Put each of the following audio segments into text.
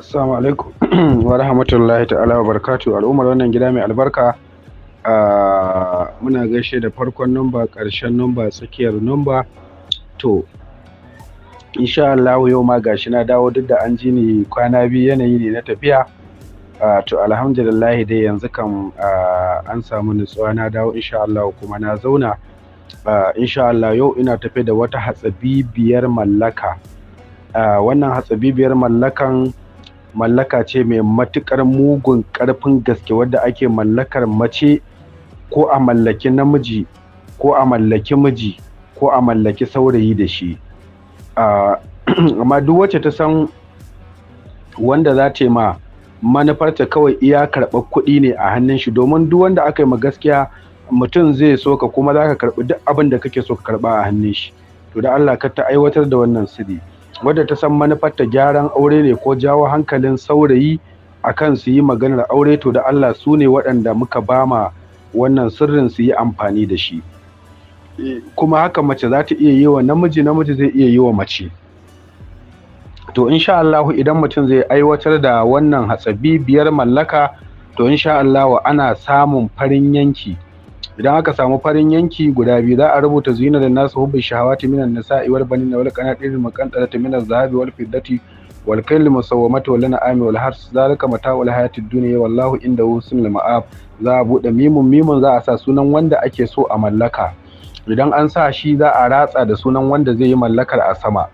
Assalamu alaikum wa rahmatullahi ta'ala wa barakatu al'ummar wannan gida mai albarka muna gaishe da farkon numba ƙarshen numba tsakiyar numba to insha Allah yau ma gashi na dawo duk da an ji ni kwana biyu yanayi ne na tafiya to alhamdulillah dai yanzu kan an samu nutsuwa na dawo insha Allah kuma na zauna insha Allah yau ina tafe da wata hatsabibiyar mallaka wannan hatsabibiyar mallakan mallaka ce mai matuƙar mugun ƙarfin gaske wadda ake mallakar mace ko a mallaki namiji ko a mallaki miji ko a mallaki saurayi da shi amma duk wacce ta san wanda za ta yi ma manufarta kawai iya karɓar kuɗi ne a hannun shi domin duk wanda aka yi ma gaskiya mutum zai so ka kuma za ka karɓi duk abin da kake so ka karɓa a hannun shi to da Allah ka ta aiwatar da wannan sirri Wanda ta san manufarta gyaran aure ne ko jawo hankalin saurayi akan su yi maganar aure to da Allah su ne waɗanda muka bama wannan sirrin su yi amfani da shi kuma haka mace za ta iya yi wa namiji namiji zai iya yi wa mace to insha Allah idan mutum zai aiwatar da wannan hatsabi biyar mallaka to insha Allah ana samun farin yanki idan aka samu farin yanki guda biyu za a rubuta zinar nasu hubbi shahawati minan na kana banin wal qanatir muqantarati minan zahabi wal fiddati wal kayl musawwamati wal an'ami wal hars zalika mata'ul hayatid dunya wallahu inda husnul ma'ab za a bude mimun mimun za a sa sunan wanda ake so a mallaka idan an sa shi za a ratsa da sunan wanda zai yi mallakar a sama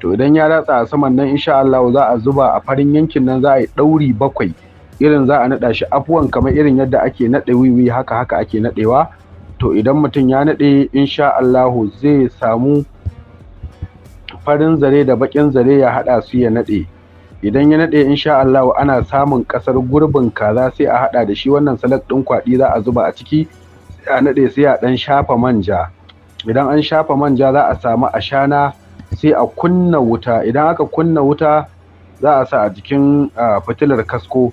to idan ya ratsa a saman nan insha Allah za a zuba a farin yankin nan za a yi ɗauri bakwai irin za a naɗa shi afuwan kamar irin yadda ake naɗe wiwi haka haka ake naɗewa to idan mutum ya naɗe insha Allahu zai samu farin zare da baƙin zare ya haɗa su ya naɗe idan ya naɗe insha Allahu ana samun ƙasar gurbin kaza sai a haɗa da shi wannan salak ɗin kwaɗi za a zuba a ciki sai a naɗe sai a ɗan shafa manja idan an shafa manja za a samu ashana sai a kunna wuta idan aka kunna wuta za a sa a jikin ah, fitilar kasko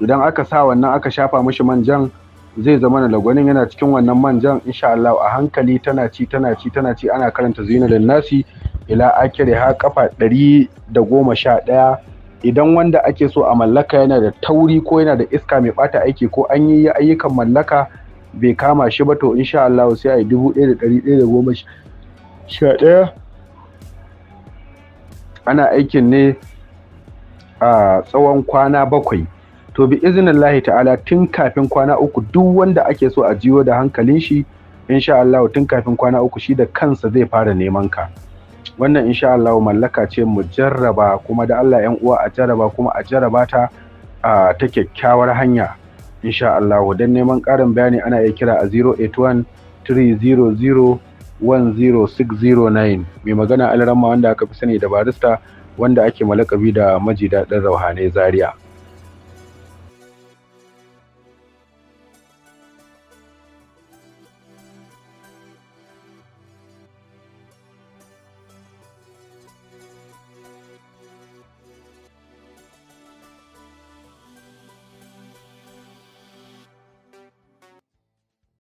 idan aka sa wannan aka shafa mishi manjan zai zama na lagwanin yana cikin wannan manjan insha Allah a hankali tana ci tana ci tana ci ana karanta zina da nasi ila akire ha kafa ɗari da goma sha ɗaya idan wanda ake so a mallaka yana da tauri ko yana da iska mai ɓata aiki ko an yi ayyukan mallaka bai kama shi ba to insha Allah sai a yi dubu ɗaya da ɗari ɗaya da goma sha ɗaya ana aikin ne a tsawon kwana bakwai to bi lahi ta'ala tun kafin kwana uku duk wanda ake so a jiyo da hankalin shi insha Allah tun kafin kwana uku shi da kansa zai fara neman ka wannan insha Allah mallaka ce mu jarraba kuma da Allah yan uwa a jarraba kuma a jarraba ta ta kyakkyawar hanya insha Allah don neman ƙarin bayani ana iya kira a 081 mai magana alarama wanda aka fi sani da barista wanda ake malakabi da maji daɗin zaria